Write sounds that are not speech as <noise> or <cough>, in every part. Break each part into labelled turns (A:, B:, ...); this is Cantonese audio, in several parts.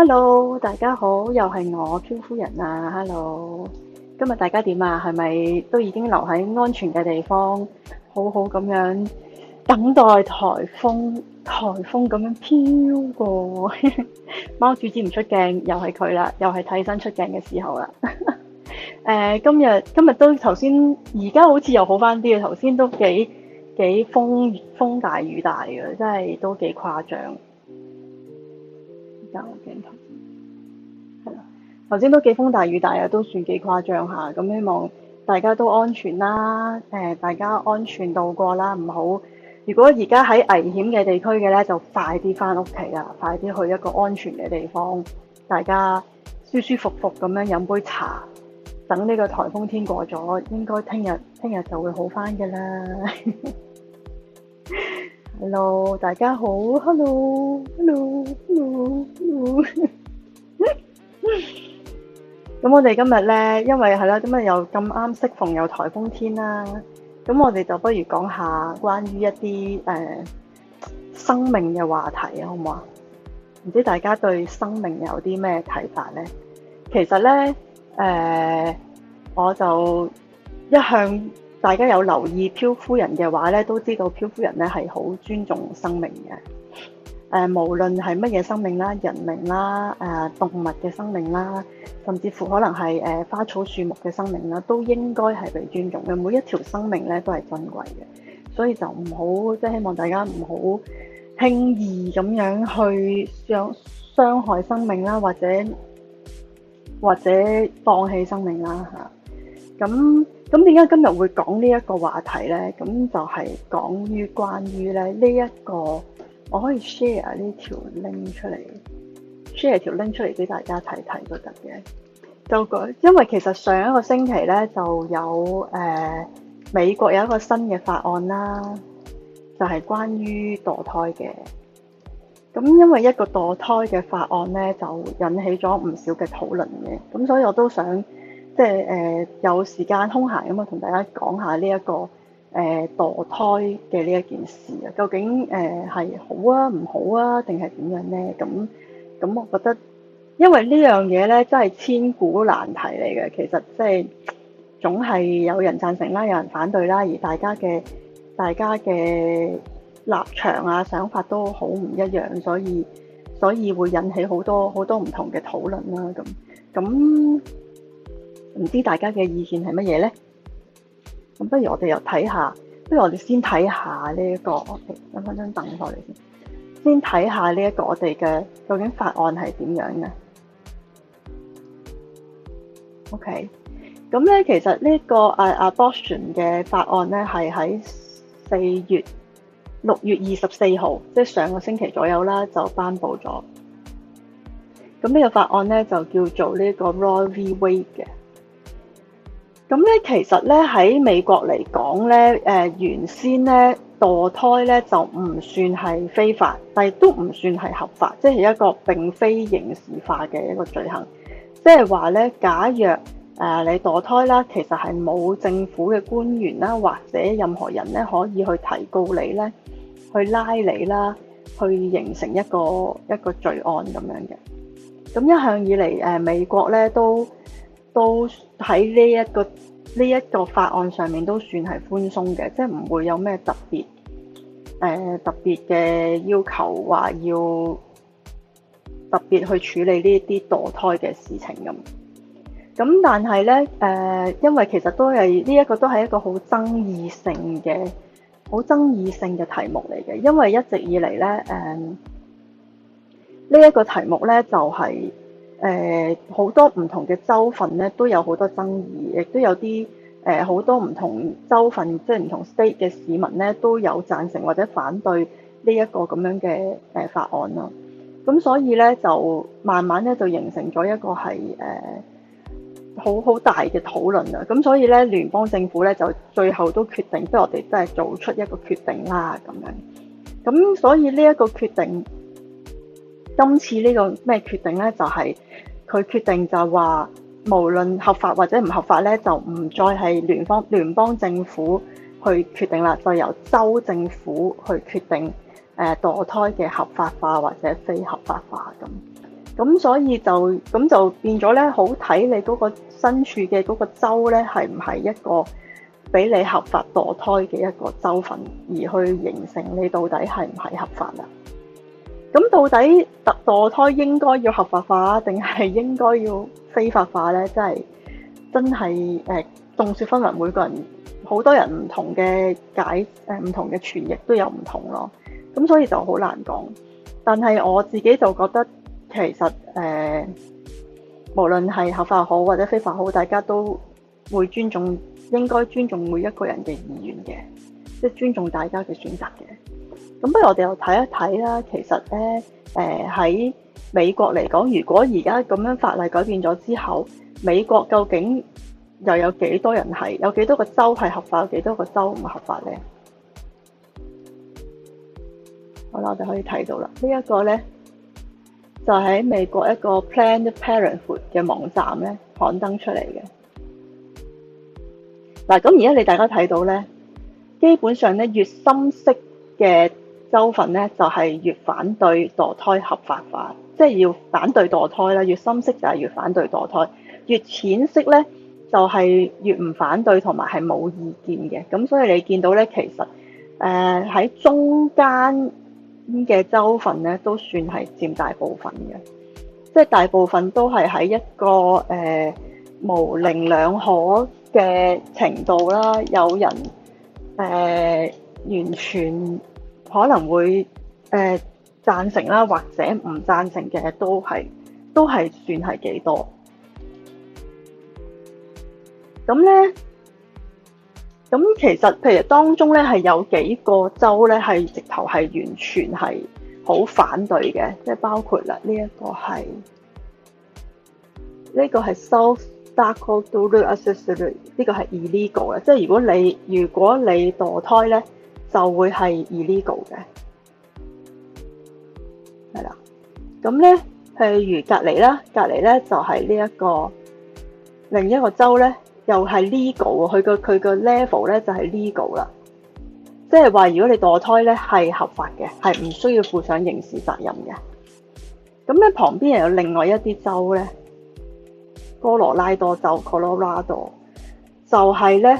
A: hello，大家好，又係我漂夫人啊，hello，今日大家點啊？係咪都已經留喺安全嘅地方，好好咁樣等待台風，台風咁樣飄過。貓 <laughs> 主子唔出鏡，又係佢啦，又係替身出鏡嘅時候啦。誒、 <laughs> 呃，今日今日都頭先，而家好似又好翻啲啊，頭先都幾幾風風大雨大嘅，真係都幾誇張。有鏡頭，係啦。頭先都幾風大雨大啊，都算幾誇張下。咁希望大家都安全啦，誒，大家安全度過啦，唔好。如果而家喺危險嘅地區嘅呢，就快啲翻屋企啊，快啲去一個安全嘅地方。大家舒舒服服咁樣飲杯茶，等呢個台風天過咗，應該聽日聽日就會好翻噶啦。 <laughs> hello，大家好，hello，hello，hello，hello，咁 hello, hello, hello, <laughs> 我哋今日咧，因為係啦，今日又咁啱適逢有台風天啦，咁我哋就不如講下關於一啲誒、呃、生命嘅話題啊，好唔好啊？唔知大家對生命有啲咩睇法咧？其實咧，誒、呃，我就一向。大家有留意漂夫人嘅話咧，都知道漂夫人咧係好尊重生命嘅。誒，無論係乜嘢生命啦，人命啦，誒動物嘅生命啦，甚至乎可能係誒花草樹木嘅生命啦，都應該係被尊重嘅。每一條生命咧都係珍貴嘅，所以就唔好即係希望大家唔好輕易咁樣去傷傷害生命啦，或者或者放棄生命啦吓。咁咁點解今日會講呢一個話題呢？咁就係講於關於咧呢一個，我可以 share 呢條 link 出嚟，share 條 link 出嚟俾大家睇睇都得嘅。就因為其實上一個星期呢，就有誒、呃、美國有一個新嘅法案啦，就係、是、關於墮胎嘅。咁因為一個墮胎嘅法案呢，就引起咗唔少嘅討論嘅。咁所以我都想，即係誒有時間空閒咁啊，同大家講下呢一個誒墮胎嘅呢一件事啊。究竟誒係好啊，唔好啊，定係點樣咧？咁咁，我覺得因為呢樣嘢咧，真係千古難題嚟嘅。其實即係總係有人贊成啦，有人反對啦，而大家嘅大家嘅立場啊、想法都好唔一樣，所以所以會引起好多好多唔同嘅討論啦。咁咁。唔知大家嘅意見係乜嘢咧？咁不如我哋又睇下，不如我哋先睇下呢一個，OK，揾翻張凳過嚟先，先睇下呢一個我哋嘅究竟法案係點樣嘅？OK，咁咧其實呢個啊啊 Abortion 嘅法案咧係喺四月六月二十四號，即係上個星期左右啦，就頒布咗。咁呢個法案咧就叫做呢個 Roe v. Wade 嘅。咁咧，其實咧喺美國嚟講咧，誒、呃、原先咧墮胎咧就唔算係非法，但係都唔算係合法，即、就、係、是、一個並非刑事化嘅一個罪行。即係話咧，假若誒、呃、你墮胎啦，其實係冇政府嘅官員啦，或者任何人咧可以去提告你咧，去拉你啦，去形成一個一個罪案咁樣嘅。咁一向以嚟，誒、呃、美國咧都。都喺呢一個呢一個法案上面都算係寬鬆嘅，即係唔會有咩特別誒、呃、特別嘅要求，話要特別去處理呢啲墮胎嘅事情咁。咁但係呢，誒、呃，因為其實都係呢一個都係一個好爭議性嘅好爭議性嘅題目嚟嘅，因為一直以嚟呢，誒呢一個題目呢就係。誒、呃、好多唔同嘅州份咧都有好多爭議，亦都有啲誒好多唔同州份，即係唔同 state 嘅市民咧都有贊成或者反對呢一個咁樣嘅、呃、法案啦。咁所以咧就慢慢咧就形成咗一個係誒好好大嘅討論啦。咁所以咧聯邦政府咧就最後都決定，即、就、係、是、我哋真係做出一個決定啦咁樣。咁所以呢一個決定。今次呢個咩決定呢？就係、是、佢決定就話，無論合法或者唔合法呢就唔再係聯邦，聯邦政府去決定啦，再由州政府去決定誒、呃、墮胎嘅合法化或者非合法化咁。咁所以就咁就變咗呢。好睇你嗰個身處嘅嗰個州呢，係唔係一個俾你合法墮胎嘅一個州份，而去形成你到底係唔係合法啦？咁到底，墮胎應該要合法化，定係應該要非法化咧？真係真係誒眾說紛紜，每個人好多人唔同嘅解，誒、呃、唔同嘅傳譯都有唔同咯。咁所以就好難講。但係我自己就覺得，其實誒、呃、無論係合法好或者非法好，大家都會尊重，應該尊重每一個人嘅意願嘅，即、就、係、是、尊重大家嘅選擇嘅。咁不如我哋又睇一睇啦，其實咧，喺、呃、美國嚟講，如果而家咁樣法例改變咗之後，美國究竟又有幾多人係，有幾多個州係合法，有幾多個州唔合法咧？好啦，我哋可以睇到啦，這個、呢一個咧就喺、是、美國一個 Planned Parenthood 嘅網站咧刊登出嚟嘅。嗱，咁而家你大家睇到咧，基本上咧越深色嘅州份咧就係、是、越反對墮胎合法化，即、就、係、是、要反對墮胎啦。越深色就係越反對墮胎，越淺色咧就係、是、越唔反對同埋係冇意見嘅。咁所以你見到咧，其實誒喺、呃、中間嘅州份咧都算係佔大部分嘅，即、就、係、是、大部分都係喺一個誒、呃、模棱兩可嘅程度啦。有人誒、呃、完全。可能會誒贊、呃、成啦，或者唔贊成嘅都係都係算係幾多。咁咧，咁其實譬如當中咧係有幾個州咧係直頭係完全係好反對嘅，即係包括啦呢一個係呢、這個係 South Dakota Assessorate，呢個係 illegal 嘅，即係如果你如果你墮胎咧。就會係 illegal 嘅，係啦。咁咧，譬如隔離啦，隔離咧就係呢一個另一個州咧，又係 legal。佢個佢個 level 咧就係 legal 啦。即係話，如果你墮胎咧係合法嘅，係唔需要負上刑事責任嘅。咁咧，旁邊又有另外一啲州咧，哥羅拉多州，Colorado，就係、是、咧。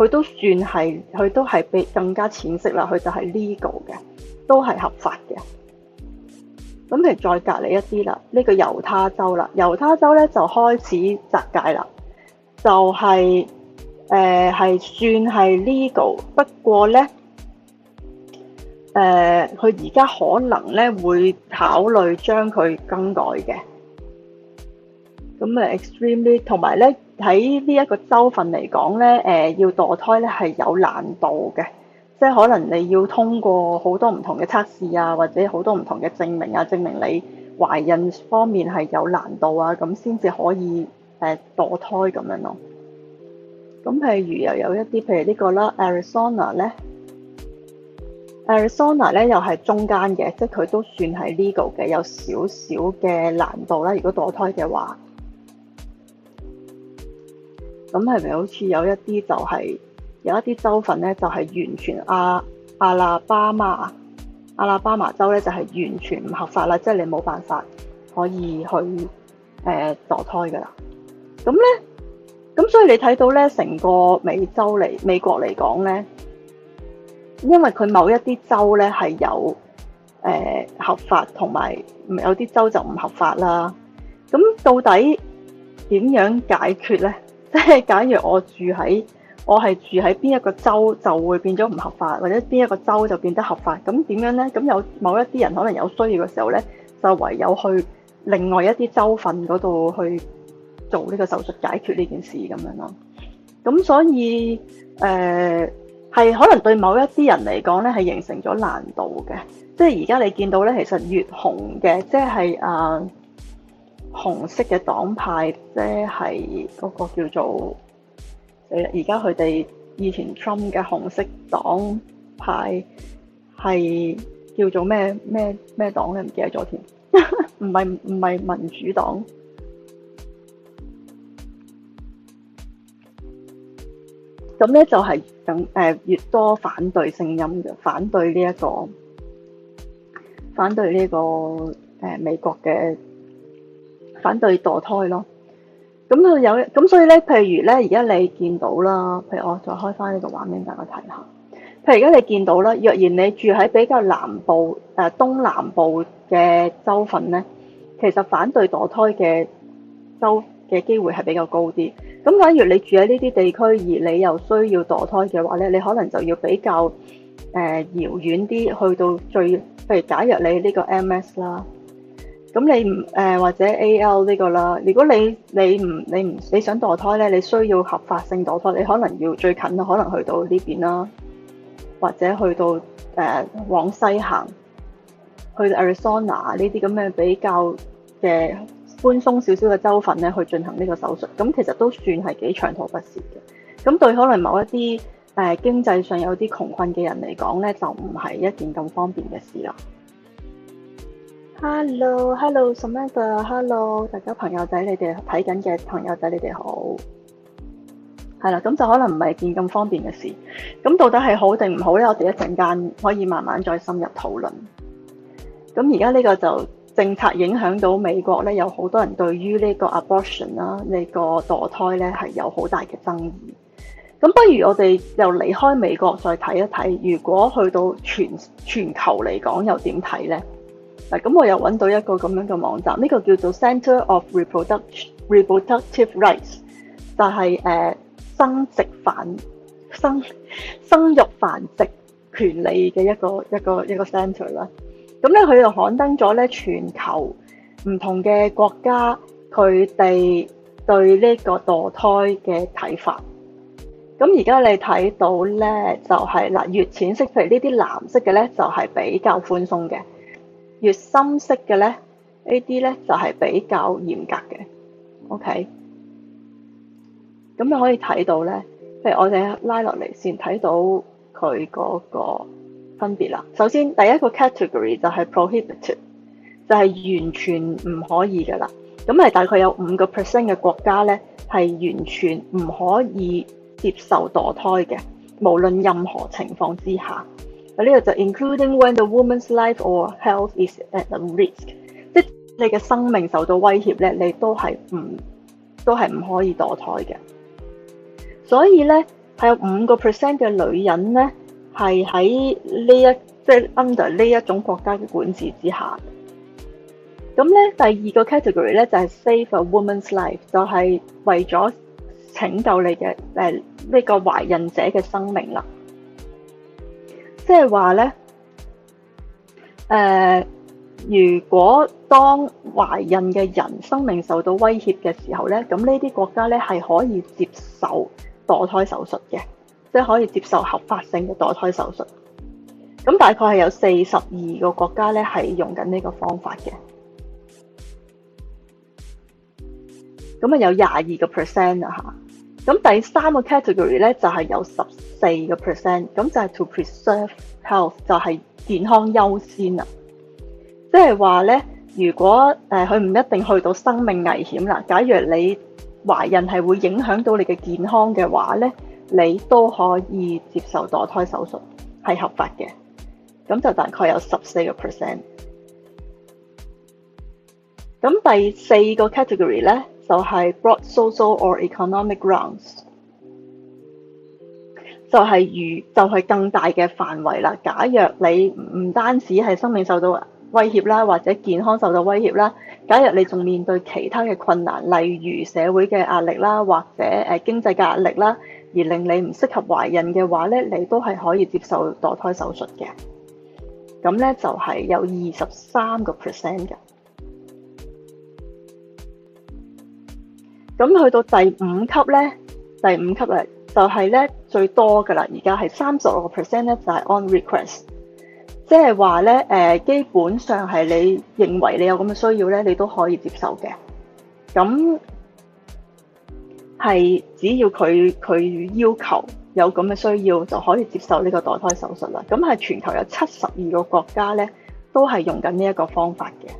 A: 佢都算係，佢都係比更加淺色啦。佢就係 legal 嘅，都係合法嘅。咁譬如再隔離一啲啦，呢個猶他州啦，猶他州咧就開始闢界啦，就係誒係算係 legal。不過咧誒佢而家可能咧會考慮將佢更改嘅。咁咪 extremely 同埋咧。喺呢一個州份嚟講咧，誒、呃、要墮胎咧係有難度嘅，即係可能你要通過好多唔同嘅測試啊，或者好多唔同嘅證明啊，證明你懷孕方面係有難度啊，咁先至可以誒墮、呃、胎咁樣咯、啊。咁譬如又有一啲，譬如呢個啦，Arizona 咧，Arizona 咧又係中間嘅，即係佢都算係 legal 嘅，有少少嘅難度啦，如果墮胎嘅話。咁係咪好似有一啲就係、是、有一啲州份咧，就係、是、完全阿阿拉巴馬阿拉巴馬州咧，就係完全唔合法啦，即係你冇辦法可以去誒墮、呃、胎㗎啦。咁咧，咁所以你睇到咧，成個美洲嚟美國嚟講咧，因為佢某一啲州咧係有誒、呃、合法，同埋有啲州就唔合法啦。咁到底點樣解決咧？即 <laughs> 係假如我住喺我係住喺邊一個州，就會變咗唔合法，或者邊一個州就變得合法。咁點樣呢？咁有某一啲人可能有需要嘅時候呢，就唯有去另外一啲州份嗰度去做呢個手術解決呢件事咁樣咯。咁所以誒，係、呃、可能對某一啲人嚟講呢，係形成咗難度嘅。即係而家你見到呢，其實越紅嘅，即係啊～紅色嘅黨派即係嗰個叫做誒，而家佢哋以前 Trump 嘅紅色黨派係叫做咩咩咩黨咧？唔記得咗添，唔係唔係民主黨。咁咧就係誒，越多反對聲音嘅反對呢、這、一個反對呢、這個誒、呃、美國嘅。反對墮胎咯，咁佢有，咁所以咧，譬如咧，而家你見到啦，譬如我再開翻呢個畫面，畀大家睇下。譬如而家你見到啦，若然你住喺比較南部、誒、呃、東南部嘅州份咧，其實反對墮胎嘅州嘅機會係比較高啲。咁假如你住喺呢啲地區，而你又需要墮胎嘅話咧，你可能就要比較誒遙遠啲，去到最譬如，假若你呢個 MS 啦。咁你唔、呃、或者 A L 呢個啦？如果你你唔你唔你想墮胎咧，你需要合法性墮胎，你可能要最近可能去到呢邊啦，或者去到誒、呃、往西行去到 Arizona 呢啲咁嘅比較嘅寬鬆少少嘅州份咧，去進行呢個手術。咁其實都算係幾長途不遠嘅。咁對可能某一啲誒、呃、經濟上有啲窮困嘅人嚟講咧，就唔係一件咁方便嘅事啦。Hello，Hello，Samantha，Hello，大家朋友仔，你哋睇緊嘅朋友仔，你哋好，係啦，咁就可能唔係件咁方便嘅事。咁到底係好定唔好咧？我哋一陣間可以慢慢再深入討論。咁而家呢個就政策影響到美國咧，有好多人對於呢個 abortion 啦，呢個墮胎咧係有好大嘅爭議。咁不如我哋又離開美國，再睇一睇，如果去到全全球嚟講，又點睇咧？嗱，咁我又揾到一個咁樣嘅網站，呢個叫做 Centre of Reproductive Rights，就係誒生殖繁生生育繁殖權利嘅一個一個一個 centre 啦。咁咧，佢就刊登咗咧全球唔同嘅國家佢哋對呢個墮胎嘅睇法。咁而家你睇到咧，就係嗱，越淺色，譬如呢啲藍色嘅咧，就係比較寬鬆嘅。越深色嘅咧，A 啲咧就係比較嚴格嘅，OK。咁你可以睇到咧，譬如我哋拉落嚟先睇到佢嗰個分別啦。首先第一個 category 就係 prohibited，就係完全唔可以嘅啦。咁係大概有五個 percent 嘅國家咧，係完全唔可以接受墮胎嘅，無論任何情況之下。呢、呢個就 including when the woman's life or health is at risk，即你嘅生命受到威脅咧，你都係唔都係唔可以墮胎嘅。所以咧，係有五個 percent 嘅女人咧，係喺呢一即、係、under 呢一種國家嘅管治之下。咁咧，第二個 category 咧就係、係、save a woman's life，就係為咗拯救你嘅誒呢個懷孕者嘅生命啦。即係話咧，誒、呃，如果當懷孕嘅人生命受到威脅嘅時候咧，咁呢啲國家咧係可以接受墮胎手術嘅，即係可以接受合法性嘅墮胎手術。咁大概係有四十二個國家咧係用緊呢個方法嘅，咁啊有廿二個 percent 啊吓。咁第三個 category 咧就係有十四個 percent，咁就係 to preserve health，就係健康優先啊！即係話咧，如果誒佢唔一定去到生命危險啦，假如你懷孕係會影響到你嘅健康嘅話咧，你都可以接受墮胎手術係合法嘅，咁就大概有十四個 percent。咁第四個 category 咧？就係 broad social or economic grounds，就係如就係更大嘅範圍啦。假若你唔單止係生命受到威脅啦，或者健康受到威脅啦，假若你仲面對其他嘅困難，例如社會嘅壓力啦，或者誒、呃、經濟嘅壓力啦，而令你唔適合懷孕嘅話咧，你都係可以接受墮胎手術嘅。咁咧就係有二十三個 percent 嘅。咁去到第五級咧，第五級啊，就係咧最多噶啦，而家係三十六個 percent 咧，就係 on request，即係話咧，誒基本上係你認為你有咁嘅需要咧，你都可以接受嘅。咁係只要佢佢要求有咁嘅需要，就可以接受呢個墮胎手術啦。咁係全球有七十二個國家咧，都係用緊呢一個方法嘅。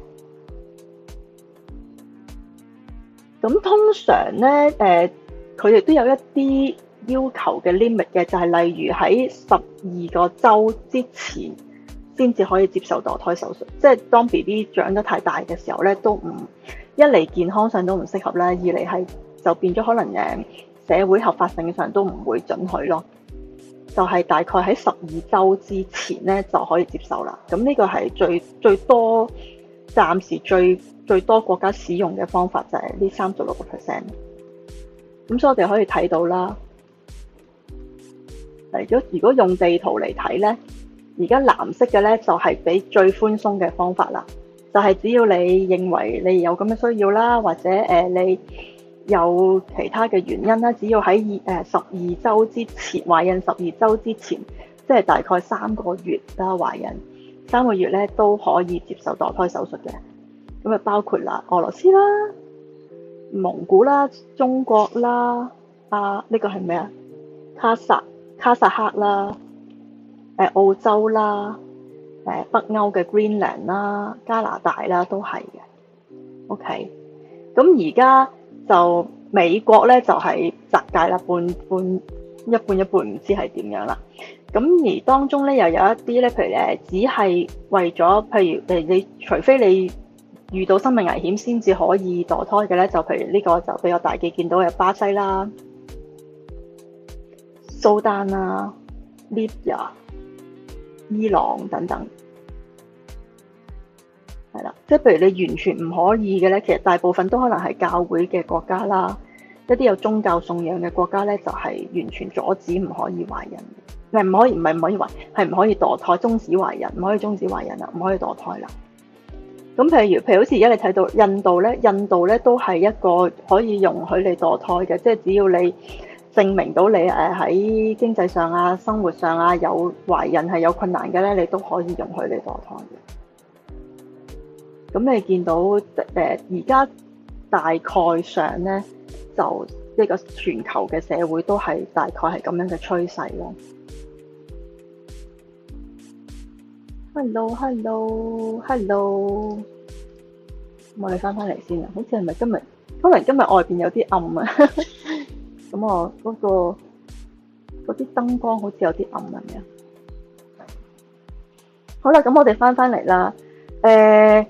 A: 咁通常咧，誒佢哋都有一啲要求嘅 limit 嘅，就係、是、例如喺十二個週之前先至可以接受墮胎手術，即係當 BB 長得太大嘅時候咧，都唔一嚟健康上都唔適合啦，二嚟係就變咗可能誒社會合法性上都唔會准許咯。就係、是、大概喺十二週之前咧就可以接受啦。咁呢個係最最多暫時最。最多國家使用嘅方法就係呢三十六個 percent，咁所以我哋可以睇到啦。誒，如果如果用地圖嚟睇咧，而家藍色嘅咧就係、是、俾最寬鬆嘅方法啦，就係、是、只要你認為你有咁嘅需要啦，或者誒、呃、你有其他嘅原因啦，只要喺二誒十二週之前，懷孕十二週之前，即係、就是、大概三個月啦，懷孕三個月咧都可以接受墮胎手術嘅。咁啊，包括啦，俄羅斯啦、蒙古啦、中國啦，啊，呢、這個係咩啊？卡薩卡薩克啦，誒、呃、澳洲啦，誒、呃、北歐嘅 Greenland 啦、加拿大啦都係嘅。OK，咁而家就美國咧就係隔界啦，半半一半一半唔知係點樣啦。咁而當中咧又有一啲咧，譬如誒，只係為咗譬如誒，你除非你。遇到生命危險先至可以墮胎嘅咧，就譬如呢個就比較大忌，見到嘅巴西啦、蘇丹啦、啊、利比亞、伊朗等等，係啦，即係譬如你完全唔可以嘅咧，其實大部分都可能係教會嘅國家啦，一啲有宗教信仰嘅國家咧，就係、係、完全阻止唔可以懷孕，唔係唔可以，唔係唔可以懷，係唔可以墮胎終止懷孕，唔可以終止懷孕啦，唔可以墮胎啦。咁譬如譬如好似而家你睇到印度咧，印度咧都係一個可以容許你墮胎嘅，即係只要你證明到你誒喺經濟上啊、生活上啊有懷孕係有困難嘅咧，你都可以容許你墮胎嘅。咁你見到誒而家大概上咧，就呢個全球嘅社會都係大概係咁樣嘅趨勢咯。Hello，Hello，Hello，hello, hello 我哋翻翻嚟先啊，好似係咪今日？可能今日外邊有啲暗啊，咁 <laughs> 我嗰、嗰個嗰啲燈光好似有啲暗係咪？好啦，咁我哋翻翻嚟啦。誒、欸，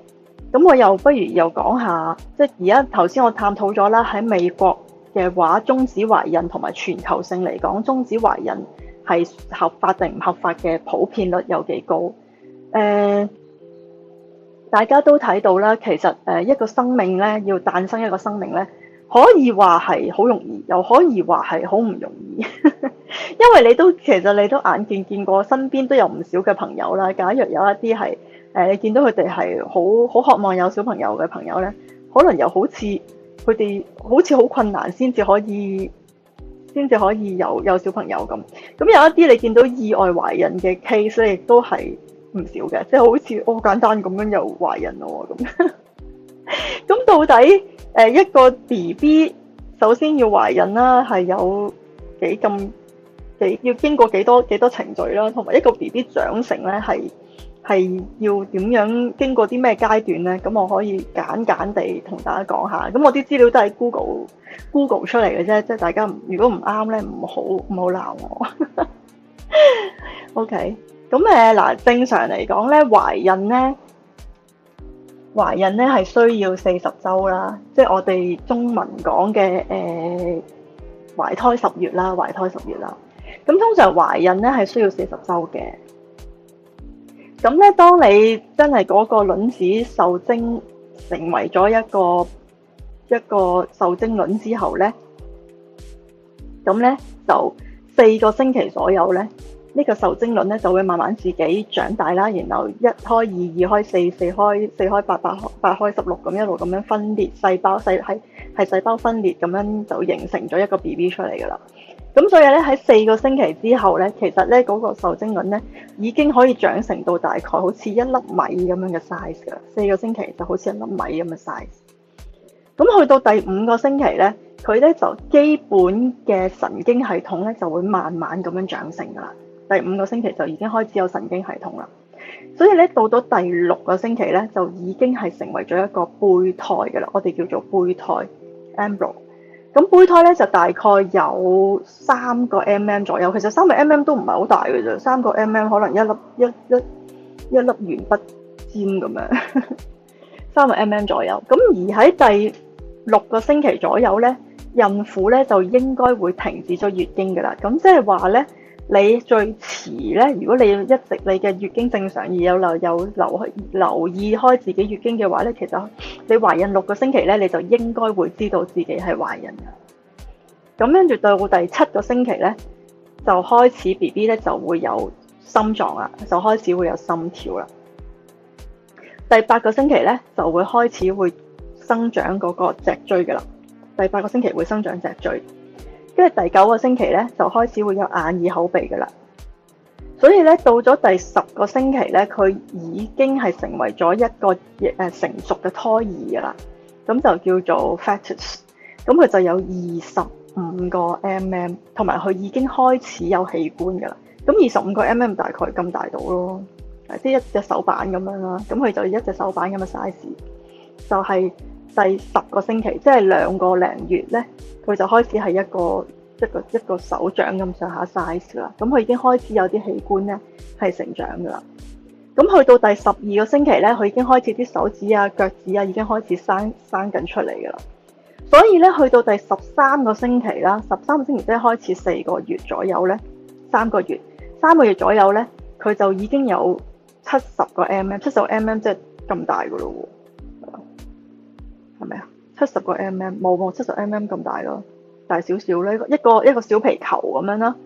A: 咁我又不如又講下，即係而家頭先我探討咗啦，喺美國嘅話終止懷孕同埋全球性嚟講，終止懷孕係合法定唔合法嘅？普遍率有幾高？誒、uh,，大家都睇到啦。其實誒，一個生命咧，要誕生一個生命咧，可以話係好容易，又可以話係好唔容易。 <laughs> 因為你都其實你都眼見見過，身邊都有唔少嘅朋友啦。假若有一啲係誒，你見到佢哋係好好渴望有小朋友嘅朋友咧，可能又好似佢哋好似好困難先至可以，先至可以有有小朋友咁。咁有一啲你見到意外懷孕嘅 case 咧，亦都係。唔少嘅，即係好似好、哦、簡單咁樣又懷孕咯喎咁。咁 <laughs> 到底誒、呃、一個 B B 首先要懷孕啦，係有幾咁幾要經過幾多幾多程序啦，同埋一個 B B 長成咧係係要點樣經過啲咩階段咧？咁我可以簡簡地同大家講下。咁我啲資料都係 Google Google 出嚟嘅啫，即、就、係、是、大家如果唔啱咧，唔好唔好鬧我。 <laughs> OK。咁誒嗱，正常嚟講咧，懷孕咧，懷孕咧係需要四十週啦，即係我哋中文講嘅誒懷胎十月啦，懷胎十月啦。咁通常懷孕咧係需要四十週嘅。咁咧，當你真係嗰個卵子受精，成為咗一個一個受精卵之後咧，咁咧就四個星期左右咧。呢、這個受精卵咧就會慢慢自己長大啦，然後一開二，二開四，四開四開八，八開八開十六咁一路咁樣分裂細胞，細係係細胞分裂咁樣就形成咗一個 B B 出嚟噶啦。咁所以咧喺四個星期之後咧，其實咧嗰個受精卵咧已經可以長成到大概好似一粒米咁樣嘅 size 噶啦。四個星期就好似一粒米咁嘅 size。咁去到第五個星期咧，佢咧就基本嘅神經系統咧就會慢慢咁樣長成噶啦。第五個星期就已經開始有神經系統啦，所以咧到到第六個星期咧就已經係成為咗一個胚胎噶啦，我哋叫做胚胎 embryo。咁胚胎咧就大概有三個 mm 左右，其實三個 mm 都唔係好大嘅啫，三個 mm 可能一粒一一一,一粒圓筆尖咁樣，三 <laughs> 個 mm 左右。咁而喺第六個星期左右咧，孕婦咧就應該會停止咗月經噶啦，咁即係話咧。你最遲咧，如果你一直你嘅月經正常，而有留有留留意開自己月經嘅話咧，其實你懷孕六個星期咧，你就應該會知道自己係懷孕㗎。咁跟住到第七個星期咧，就開始 BB 咧就會有心臟啦，就開始會有心跳啦。第八個星期咧就會開始會生長嗰個脊椎㗎啦。第八個星期會生長脊椎。跟住第九個星期咧，就開始會有眼耳口鼻嘅啦。所以咧，到咗第十個星期咧，佢已經係成為咗一個誒成熟嘅胎兒噶啦。咁就叫做 fetus。咁佢就有二十五個 mm，同埋佢已經開始有器官噶啦。咁二十五個 mm 大概咁大到咯，即係一隻手板咁樣啦。咁佢就一隻手板咁嘅 size，就係、是。第十個星期，即係兩個零月咧，佢就開始係一個一個一個手掌咁上下 size 啦。咁佢已經開始有啲器官咧係成長噶啦。咁去到第十二個星期咧，佢已經開始啲手指啊、腳趾啊已經開始生生緊出嚟噶啦。所以咧，去到第十三個星期啦，十三個星期即係開始四個月左右咧，三個月三個月左右咧，佢就已經有七十個 mm，七十個 mm 即係咁大噶咯喎。係咪啊？七十個 mm 冇冇七十 mm 咁大咯，大少少呢，一個一個小皮球咁樣啦。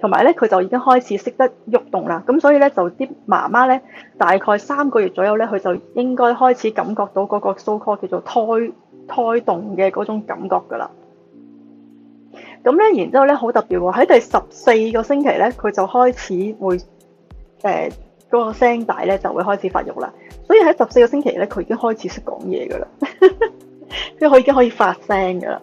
A: 同埋咧，佢就已經開始識得喐動啦。咁所以咧，就啲媽媽咧，大概三個月左右咧，佢就應該開始感覺到嗰個 so called 叫做胎胎動嘅嗰種感覺噶啦。咁咧，然之後咧，好特別喎、哦！喺第十四個星期咧，佢就開始會誒嗰、呃那個聲帶咧就會開始發育啦。所以喺十四個星期咧，佢已經開始識講嘢噶啦。 <laughs> 即係佢已經可以發聲噶啦，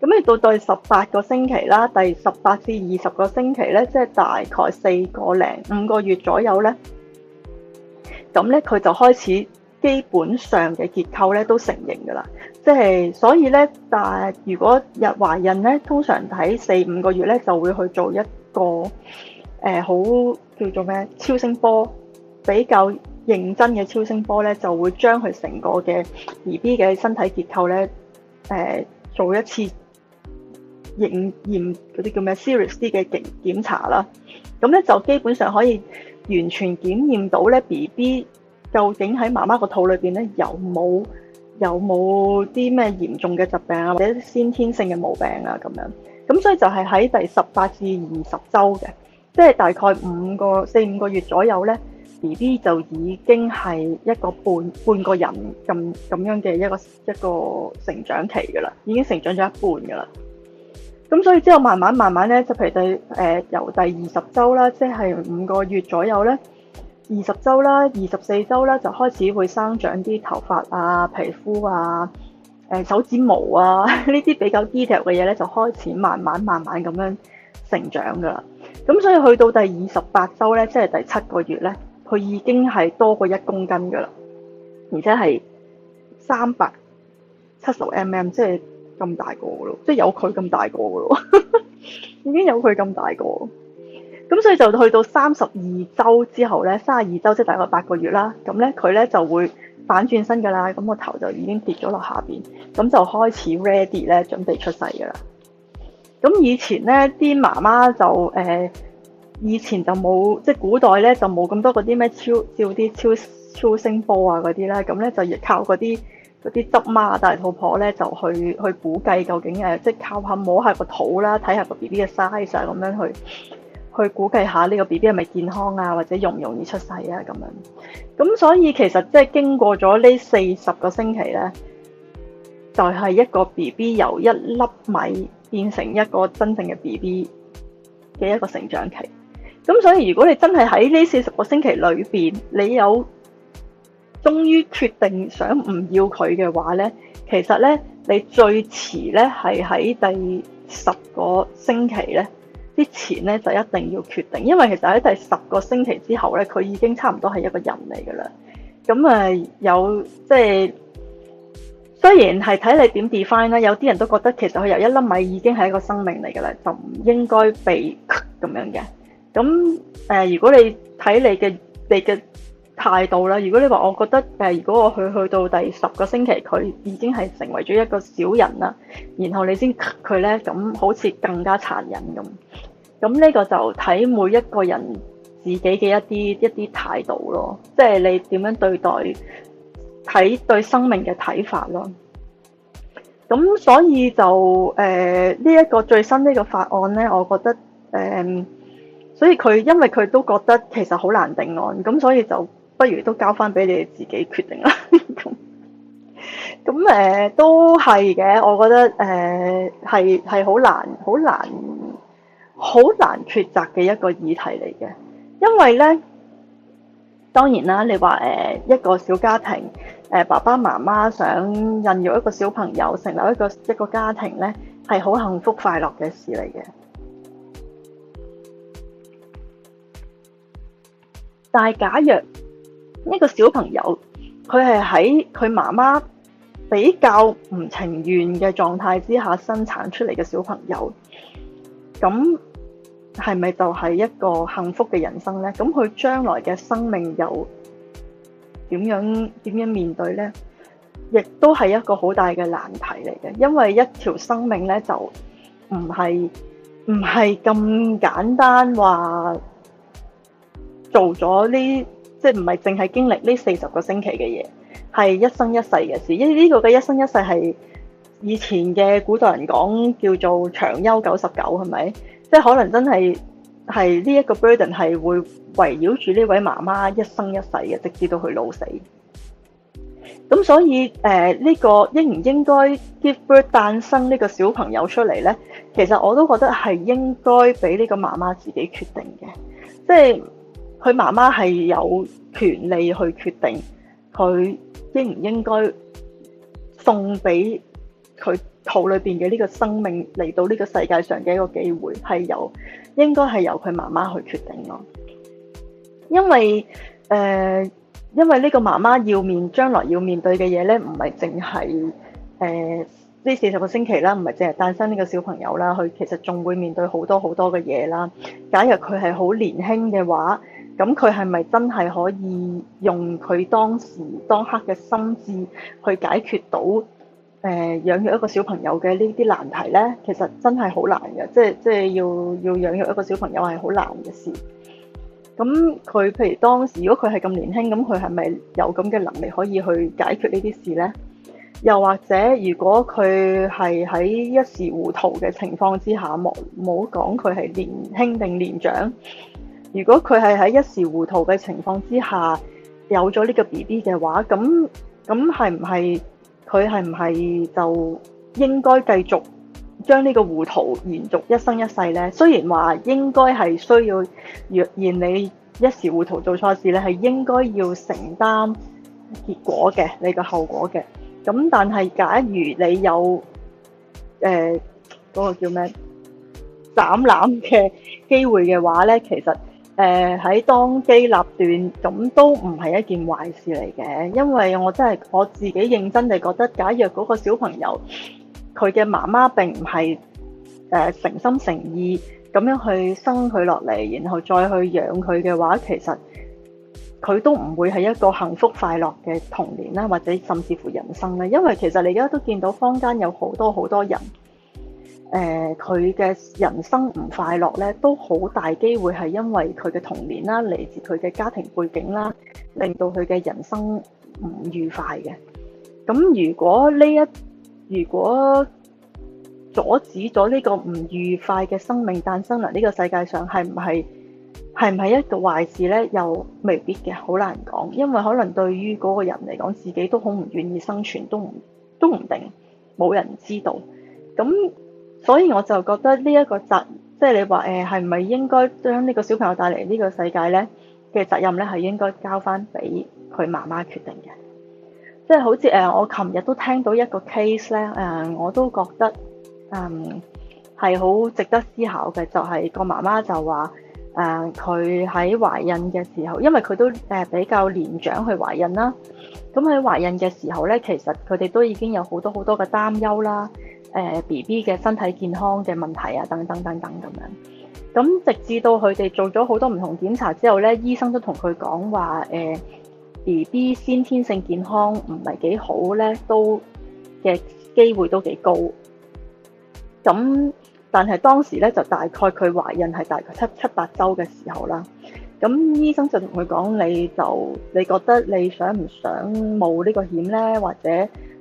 A: 咁你到到十八個星期啦，第十八至二十個星期咧，即係大概四個零五個月左右咧，咁咧佢就開始基本上嘅結構咧都成形噶啦，即係所以咧，但係如果日懷孕咧，通常喺四五個月咧，就會去做一個誒、呃、好叫做咩超聲波比較。認真嘅超聲波咧，就會將佢成個嘅 B B 嘅身體結構咧，誒、呃、做一次驗驗嗰啲叫咩 serious 啲嘅檢檢查啦。咁咧就基本上可以完全檢驗到咧 B B 究竟喺媽媽個肚裏邊咧有冇有冇啲咩嚴重嘅疾病啊、或者先天性嘅毛病啊咁樣。咁所以就係喺第十八至二十週嘅，即、就、係、是、大概五個四五個月左右咧。BB 就已經係一個半半個人咁咁樣嘅一個一個成長期噶啦，已經成長咗一半噶啦。咁所以之後慢慢慢慢咧，就譬如第誒、呃、由第二十周啦，即係五個月左右咧，二十周啦，二十四周啦，就開始會生長啲頭髮啊、皮膚啊、誒、呃、手指毛啊呢啲比較 detail 嘅嘢咧，就開始慢慢慢慢咁樣成長噶啦。咁所以去到第二十八周咧，即係第七個月咧。佢已經係多過一公斤噶啦，而且係三百七十 mm，即係咁大個咯，即係有佢咁大個噶咯，已經有佢咁大個了。咁所以就去到三十二周之後咧，三十二周即係大概八個月啦。咁咧佢咧就會反轉身噶啦，咁個頭就已經跌咗落下面，咁就開始 ready 咧準備出世噶啦。咁以前咧啲媽媽就誒、呃以前就冇，即係古代咧就冇咁多嗰啲咩超照啲超超聲波啊嗰啲啦，咁咧就靠嗰啲嗰啲執媽啊、大肚婆咧就去去估計究竟誒，即係靠下摸下個肚啦，睇下個 B B 嘅 size 咁樣去去估計下呢個 B B 係咪健康啊，或者容唔容易出世啊咁樣。咁所以其實即係經過咗呢四十個星期咧，就係一個 B B 由一粒米變成一個真正嘅 B B 嘅一個成長期。咁所以如果你真係喺呢四十個星期裏邊，你有終於決定想唔要佢嘅話呢，其實呢，你最遲呢係喺第十個星期呢之前呢，就一定要決定，因為其實喺第十個星期之後呢，佢已經差唔多係一個人嚟噶啦。咁啊有即係、就是、雖然係睇你點 define 啦，有啲人都覺得其實佢由一粒米已經係一個生命嚟噶啦，就唔應該被咁樣嘅。咁誒、呃，如果你睇你嘅你嘅態度啦，如果你話我覺得誒、呃，如果我去去到第十個星期，佢已經係成為咗一個小人啦，然後你先佢咧，咁、呃、好似更加殘忍咁。咁呢個就睇每一個人自己嘅一啲一啲態度咯，即係你點樣對待睇對生命嘅睇法咯。咁所以就誒呢一個最新呢個法案咧，我覺得誒。呃所以佢因為佢都覺得其實好難定案，咁所以就不如都交翻俾你哋自己決定啦。咁 <laughs> 咁、呃、都係嘅，我覺得誒係係好難、好難、好難抉擇嘅一個議題嚟嘅，因為呢，當然啦，你話誒、呃、一個小家庭誒、呃、爸爸媽媽想孕育一個小朋友，成立一個一個家庭呢，係好幸福快樂嘅事嚟嘅。但係，假若呢個小朋友佢係喺佢媽媽比較唔情願嘅狀態之下生產出嚟嘅小朋友，咁係咪就係一個幸福嘅人生咧？咁佢將來嘅生命又點樣點樣面對咧？亦都係一個好大嘅難題嚟嘅，因為一條生命咧，就唔係唔係咁簡單話。做咗呢即係唔係淨係經歷呢四十個星期嘅嘢，係一生一世嘅事。因為呢個嘅一生一世係以前嘅古代人講叫做長憂九十九，係咪？即係可能真係係呢一個 burden 係會圍繞住呢位媽媽一生一世嘅，直至到佢老死。咁所以誒呢、呃這個應唔應該 give birth 誕生呢個小朋友出嚟咧？其實我都覺得係應該俾呢個媽媽自己決定嘅，即係。佢媽媽係有權利去決定佢應唔應該送俾佢肚裏邊嘅呢個生命嚟到呢個世界上嘅一個機會，係有應該係由佢媽媽去決定咯。因為誒、呃，因為呢個媽媽要面將來要面對嘅嘢呢，唔係淨係誒呢四十個星期啦，唔係淨係誕生呢個小朋友啦，佢其實仲會面對好多好多嘅嘢啦。假如佢係好年輕嘅話，咁佢係咪真係可以用佢當時當刻嘅心智去解決到誒、呃、養育一個小朋友嘅呢啲難題呢？其實真係好難嘅，即係即係要要養育一個小朋友係好難嘅事。咁佢譬如當時，如果佢係咁年輕，咁佢係咪有咁嘅能力可以去解決呢啲事呢？又或者如果佢係喺一時糊塗嘅情況之下，冇冇講佢係年輕定年長？如果佢係喺一時糊塗嘅情況之下有咗呢個 BB 嘅話，咁咁係唔係佢係唔係就應該繼續將呢個糊塗延續一生一世呢？雖然話應該係需要，若然你一時糊塗做錯事咧，係應該要承擔結果嘅，你個後果嘅。咁但係假如你有誒嗰、呃嗰個叫咩斬纜嘅機會嘅話呢，其實，誒、呃、喺當機立斷，咁都唔係一件壞事嚟嘅，因為我真係我自己認真地覺得，假若嗰個小朋友佢嘅媽媽並唔係誒誠心誠意咁樣去生佢落嚟，然後再去養佢嘅話，其實佢都唔會係一個幸福快樂嘅童年啦，或者甚至乎人生啦。因為其實你而家都見到坊間有好多好多人。誒、呃，佢嘅人生唔快樂呢，都好大機會係因為佢嘅童年啦，嚟自佢嘅家庭背景啦，令到佢嘅人生唔愉快嘅。咁如果呢一如果阻止咗呢個唔愉快嘅生命誕生，嗱、這、呢個世界上係唔係係唔係一個壞事呢？又未必嘅，好難講。因為可能對於嗰個人嚟講，自己都好唔願意生存，都唔都唔定，冇人知道咁。所以我就覺得呢一個責，即係你話誒，係唔係應該將呢個小朋友帶嚟呢個世界呢？嘅責任呢係應該交翻俾佢媽媽決定嘅。即係好似誒、呃，我琴日都聽到一個 case 呢、呃，誒我都覺得誒係好值得思考嘅，就係個媽媽就話誒佢喺懷孕嘅時候，因為佢都誒比較年長去懷孕啦。咁喺懷孕嘅時候呢，其實佢哋都已經有好多好多嘅擔憂啦。誒 B B 嘅身體健康嘅問題啊，等等等等咁樣，咁直至到佢哋做咗好多唔同檢查之後呢，醫生都同佢講話誒 B B 先天性健康唔係幾好呢都嘅機會都幾高。咁但係當時呢，就大概佢懷孕係大概七七八周嘅時候啦，咁醫生就同佢講：你就你覺得你想唔想冒呢個險呢？或者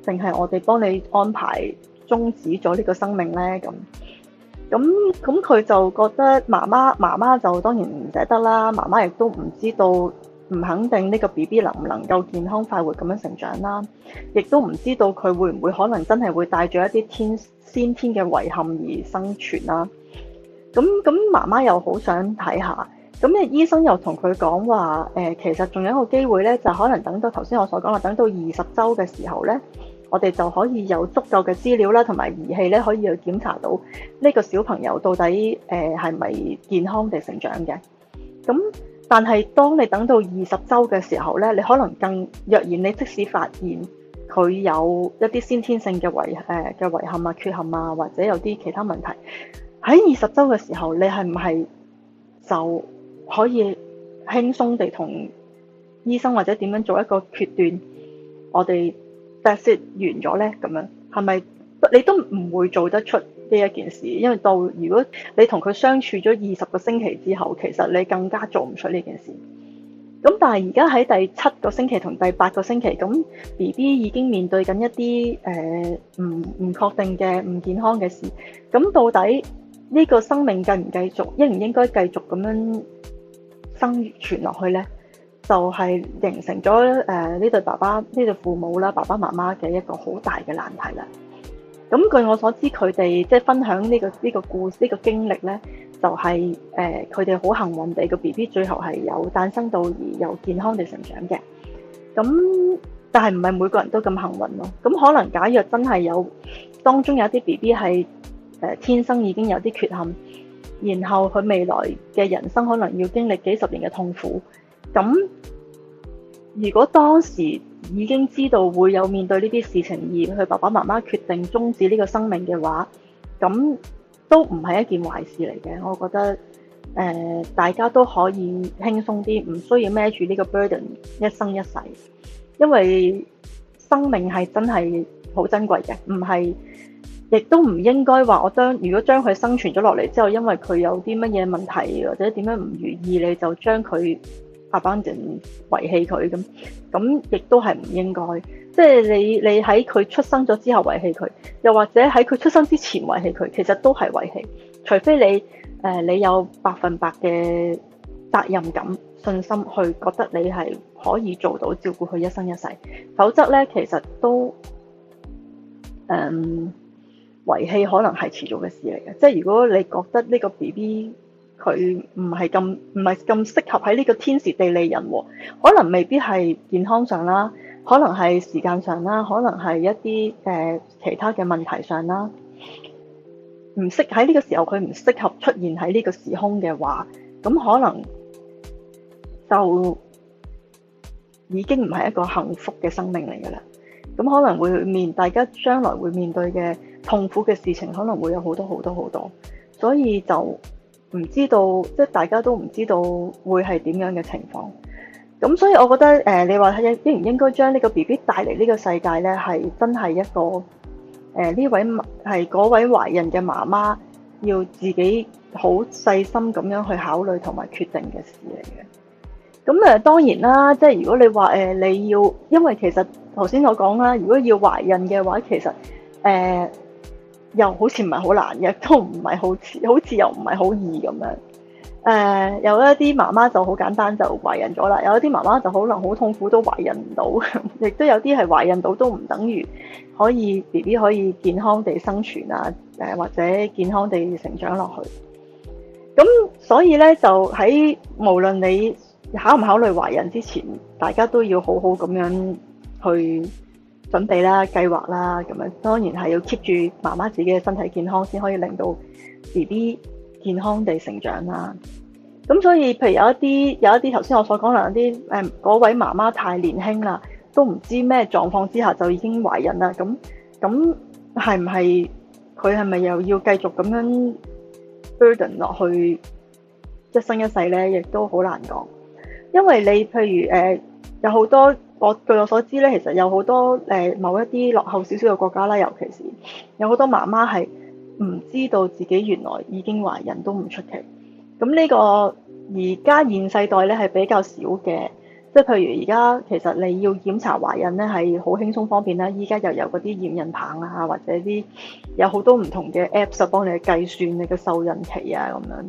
A: 定係我哋幫你安排？終止咗呢個生命呢？咁咁咁佢就覺得媽媽媽媽就當然唔捨得啦，媽媽亦都唔知道，唔肯定呢個 BB 能唔能夠健康快活咁樣成長啦，亦都唔知道佢會唔會可能真係會帶住一啲天先天嘅遺憾而生存啦。咁咁媽媽又好想睇下，咁醫生又同佢講話誒，其實仲有一個機會呢，就可能等到頭先我所講話，等到二十週嘅時候呢。我哋就可以有足夠嘅資料啦，同埋儀器咧，可以去檢查到呢個小朋友到底誒係咪健康地成長嘅？咁但係當你等到二十週嘅時候咧，你可能更若然你即使發現佢有一啲先天性嘅遺誒嘅遺憾啊、缺陷啊，或者有啲其他問題喺二十週嘅時候，你係唔係就可以輕鬆地同醫生或者點樣做一個決斷？我哋但係完咗呢，咁樣係咪你都唔會做得出呢一件事？因為到如果你同佢相處咗二十個星期之後，其實你更加做唔出呢件事。咁但係而家喺第七個星期同第八個星期，咁 B B 已經面對緊一啲誒唔唔確定嘅唔健康嘅事。咁到底呢個生命繼唔繼續，應唔應該繼續咁樣生存落去呢？就係、是、形成咗誒呢對爸爸，呢對父母啦，爸爸媽媽嘅一個好大嘅難題啦。咁據我所知，佢哋即係分享呢、呢個呢、呢個故事呢、呢個經歷咧，就係誒佢哋好幸運地，個 B B 最後係有誕生到而又健康地成長嘅。咁但係唔係每個人都咁幸運咯。咁可能假若真係有當中有啲 B B 係誒天生已經有啲缺陷，然後佢未來嘅人生可能要經歷幾十年嘅痛苦。咁如果當時已經知道會有面對呢啲事情而佢爸爸媽媽決定終止呢個生命嘅話，咁都唔係一件壞事嚟嘅。我覺得誒、呃，大家都可以輕鬆啲，唔需要孭住呢個 burden 一生一世，因為生命係真係好珍貴嘅，唔係亦都唔應該話我將如果將佢生存咗落嚟之後，因為佢有啲乜嘢問題或者點樣唔如意，你就將佢。Abandon，遺棄佢咁，咁亦都係唔應該。即係你你喺佢出生咗之後遺棄佢，又或者喺佢出生之前遺棄佢，其實都係遺棄。除非你誒，你有百分百嘅責任感、信心，去覺得你係可以做到照顧佢一生一世，否則咧，其實都誒遺棄可能係遲早嘅事嚟嘅。即係如果你覺得呢個 B B。佢唔係咁，唔係咁適合喺呢個天時地利人和、哦，可能未必係健康上啦，可能係時間上啦，可能係一啲誒、呃、其他嘅問題上啦，唔適喺呢個時候佢唔適合出現喺呢個時空嘅話，咁可能就已經唔係一個幸福嘅生命嚟噶啦，咁可能會面大家將來會面對嘅痛苦嘅事情，可能會有好多好多好多，所以就。唔知道，即係大家都唔知道會係點樣嘅情況，咁所以我覺得，誒、呃，你話應應唔應該將呢個 BB 帶嚟呢個世界咧，係真係一個，誒、呃，呢位係嗰位懷孕嘅媽媽要自己好細心咁樣去考慮同埋決定嘅事嚟嘅。咁誒、呃，當然啦，即係如果你話誒、呃、你要，因為其實頭先我講啦，如果要懷孕嘅話，其實誒。呃又好似唔係好難，亦都唔係好似，好似又唔係好易咁樣。誒、呃，有一啲媽媽就好簡單就懷孕咗啦，有一啲媽媽就可能好痛苦都懷孕唔到，亦都有啲係懷孕到都唔等於可以 BB 可以健康地生存啊，誒、呃、或者健康地成長落去。咁所以呢，就喺無論你考唔考慮懷孕之前，大家都要好好咁樣去，準備啦，計劃啦，咁樣當然係要 keep 住媽媽自己嘅身體健康，先可以令到 BB 健康地成長啦。咁所以，譬如有一啲，有一啲頭先我所講啦，啲誒嗰位媽媽太年輕啦，都唔知咩狀況之下就已經懷孕啦。咁咁係唔係佢係咪又要繼續咁樣 burden 落去一生一世咧？亦都好難講，因為你譬如誒、呃、有好多。我據我所知咧，其實有好多、呃、某一啲落後少少嘅國家啦，尤其是有好多媽媽係唔知道自己原來已經懷孕都唔出奇。咁呢個而家現世代咧係比較少嘅，即係譬如而家其實你要檢查懷孕咧係好輕鬆方便啦。依家又有嗰啲驗孕棒啊，或者啲有好多唔同嘅 Apps 幫你計算你嘅受孕期啊咁樣。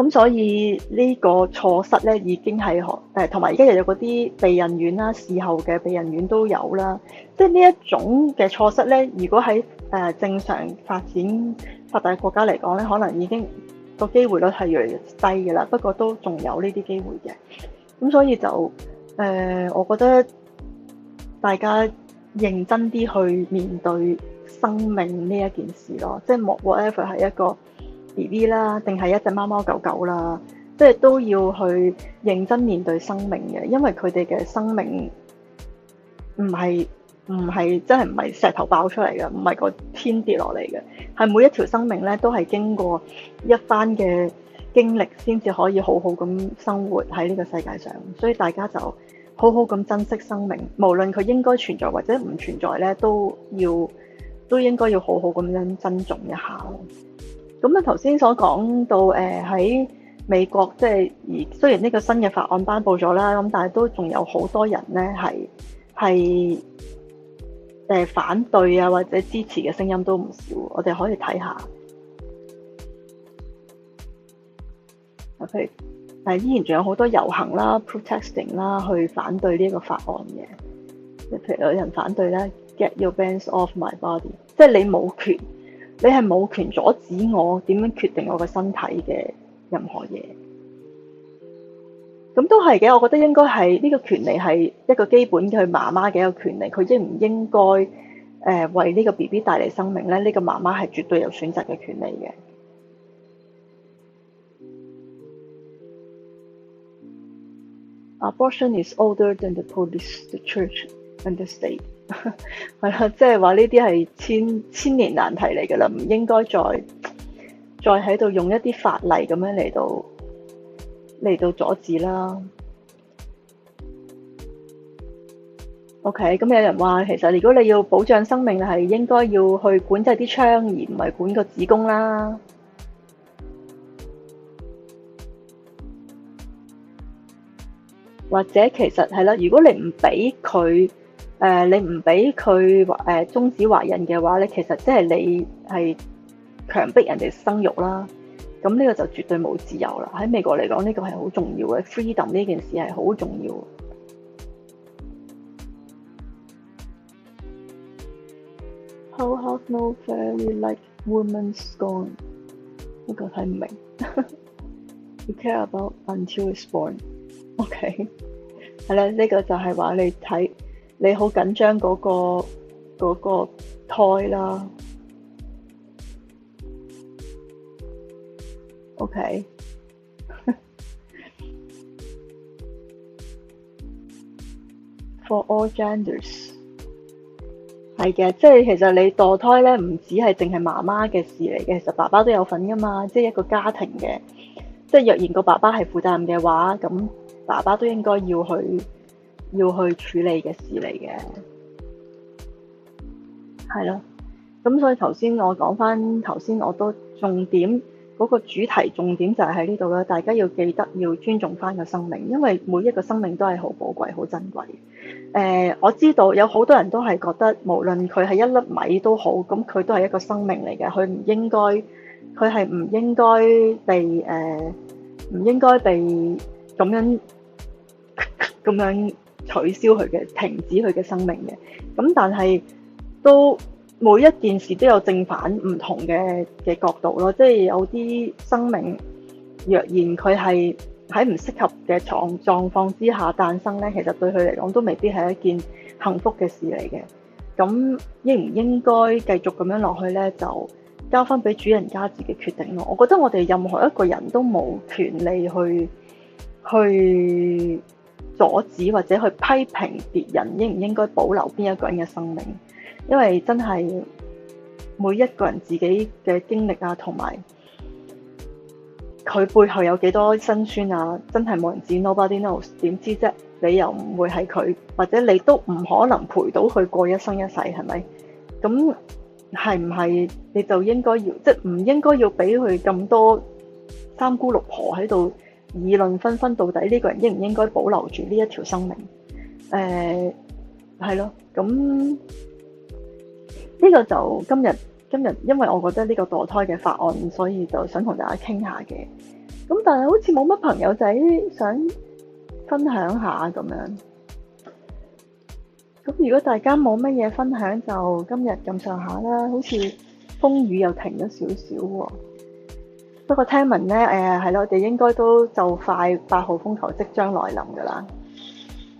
A: 咁所以呢個措失咧，已經係學誒，同埋而家又有嗰啲避孕丸啦，事後嘅避孕丸都有啦。即係呢一種嘅措失咧，如果喺誒正常發展發達國家嚟講咧，可能已經個機會率係越嚟越低噶啦。不過都仲有呢啲機會嘅。咁所以就誒、呃、我覺得大家認真啲去面對生命呢一件事咯，即係 whatever 係一個。BB 啦，定係一隻貓貓狗狗啦，即係都要去認真面對生命嘅。因為佢哋嘅生命唔係唔係真係唔係石頭爆出嚟嘅，唔係個天跌落嚟嘅，係每一條生命咧都係經過一番嘅經歷，先至可以好好咁生活喺呢個世界上，所以大家就好好咁珍惜生命，無論佢應該存在或者唔存在咧，都要都應該要好好咁樣珍重一下咯。咁咧，頭先所講到，誒、呃、喺美國，即係而雖然呢個新嘅法案頒布咗啦，咁但係都仲有好多人咧，係係誒反對啊，或者支持嘅聲音都唔少。我哋可以睇下，OK，但誒，依然仲有好多遊行啦、protesting 啦，去反對呢一個法案嘅。即譬如有人反對啦 get your bands off my body，即係你冇權。你係冇權阻止我點樣決定我個身體嘅任何嘢，咁都係嘅。我覺得應該係呢個權利係一個基本嘅佢媽媽嘅一個權利。佢應唔應該誒、呃、為呢個 B B 帶嚟生命咧？呢、呢個媽媽係絕對有選擇嘅權利嘅。Abortion is older than the police, the church and the state. 係 <laughs> 啦，即係話呢啲係千千年難題嚟噶啦，唔應該再再喺度用一啲法例咁樣嚟到嚟到阻止啦。OK，咁有人話其實如果你要保障生命，係應該要去管制啲槍，而唔係管個子宮啦。或者其實係啦，如果你唔俾佢。Uh, 你唔俾佢誒終止懷孕嘅話咧，其實即係你係強迫人哋生育啦。咁呢個就絕對冇自由啦。喺美國嚟講，呢、呢個係好重要嘅 freedom，呢件事係好重要嘅。How has no fairy like woman scorn？呢個睇唔明。 <laughs> you care about until it's born。OK，係啦，呢個就係話你睇。你好緊張嗰個嗰個胎啦，OK，okay. <laughs> For all genders，係嘅，即係其實你墮胎咧，唔只係淨係媽媽嘅事嚟嘅，其實爸爸都有份噶嘛，即係一個家庭嘅，即係若然個爸爸係負責任嘅話，咁爸爸都應該要去。要去處理嘅事嚟嘅，係囉，咁所以頭先我講返頭先，我都重點嗰個主題重點就係喺呢度啦。大家要記得要尊重返個生命，因為每一個生命都係好寶貴、好珍貴嘅。誒，我知道有好多人都係覺得，無論佢係一粒米都好，咁佢都係一個生命嚟嘅，佢唔應該，佢係唔應該被，誒，唔應該被咁樣咁樣。取消佢嘅，停止佢嘅生命嘅。咁但係都每一件事都有正反唔同嘅嘅角度咯，即係有啲生命若然佢係喺唔適合嘅狀狀況之下誕生咧，其實對佢嚟講都未必係一件幸福嘅事嚟嘅。咁應唔應該繼續咁樣落去咧？就交翻俾主人家自己決定咯。我覺得我哋任何一個人都冇權利去去。阻止或者去批評別人應唔應該保留邊一個人嘅生命，因為真係每一個人自己嘅經歷啊，同埋佢背後有幾多辛酸啊，真係冇人知，Nobody knows，點知啫？你又唔會係佢，或者你都唔可能陪到佢過一生一世，係咪？咁係唔係？你就應該要，即係唔應該要俾佢咁多三姑六婆喺度。議論紛紛，到底呢個人應唔應該保留住呢一條生命？誒、uh,，係咯，咁、這、呢個就今日今日，因為我覺得呢個墮胎嘅法案，所以就想同大家傾下嘅。咁但係好似冇乜朋友仔想分享下咁樣。咁如果大家冇乜嘢分享，就今日咁上下啦。好似風雨又停咗少少喎。不過聽聞咧，誒，係咯，我哋應該都就快八號風球即將來臨噶啦。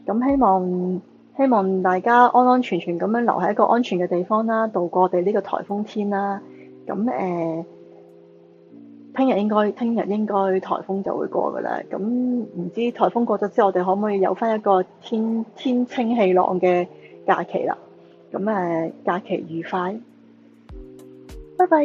A: 咁希望希望大家安安全全咁樣留喺一個安全嘅地方啦，度過我哋呢個颱風天啦。咁誒，呃、聽日應該聽日應該颱風就會過噶啦。咁唔知颱風過咗之後，我哋可唔可以有翻一個天天清氣朗嘅假期啦？咁誒、呃，假期愉快，拜拜。